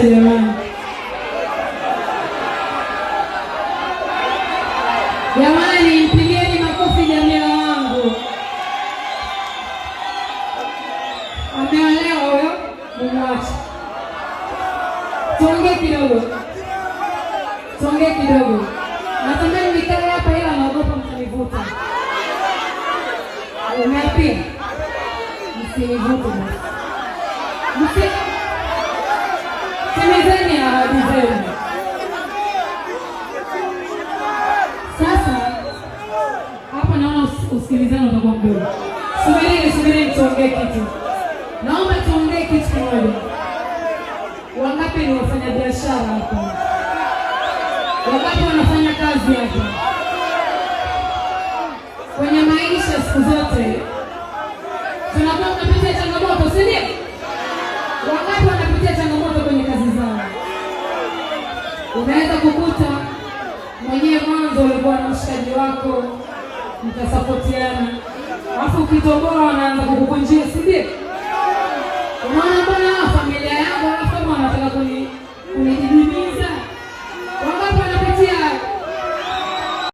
Basi jamani, jamani, mpigieni makofi jamia wangu. Ameolewa huyo, mumwache. Tuongee kidogo, tuongee kidogo. Natamani nikae hapa, ila naogopa mtanivuta. Umeapia, msinivute basi Timizeni ahadi zenu. Sasa hapa naona usikilizano utakuwa mdogo. Subirini, subirini tuongee kitu. Naomba tuongee kitu kimoja. Wangapi ni wafanya biashara hapa? Wangapi wanafanya kazi hapa? Kwenye maisha siku zote tunakuwa tunapita changamoto, si ndio? Unaweza kukuta mwenyewe mwanzo ulikuwa na mshikaji wako mtasapotiana, alafu ukitoboa wanaanza kukukunjia, si ndio?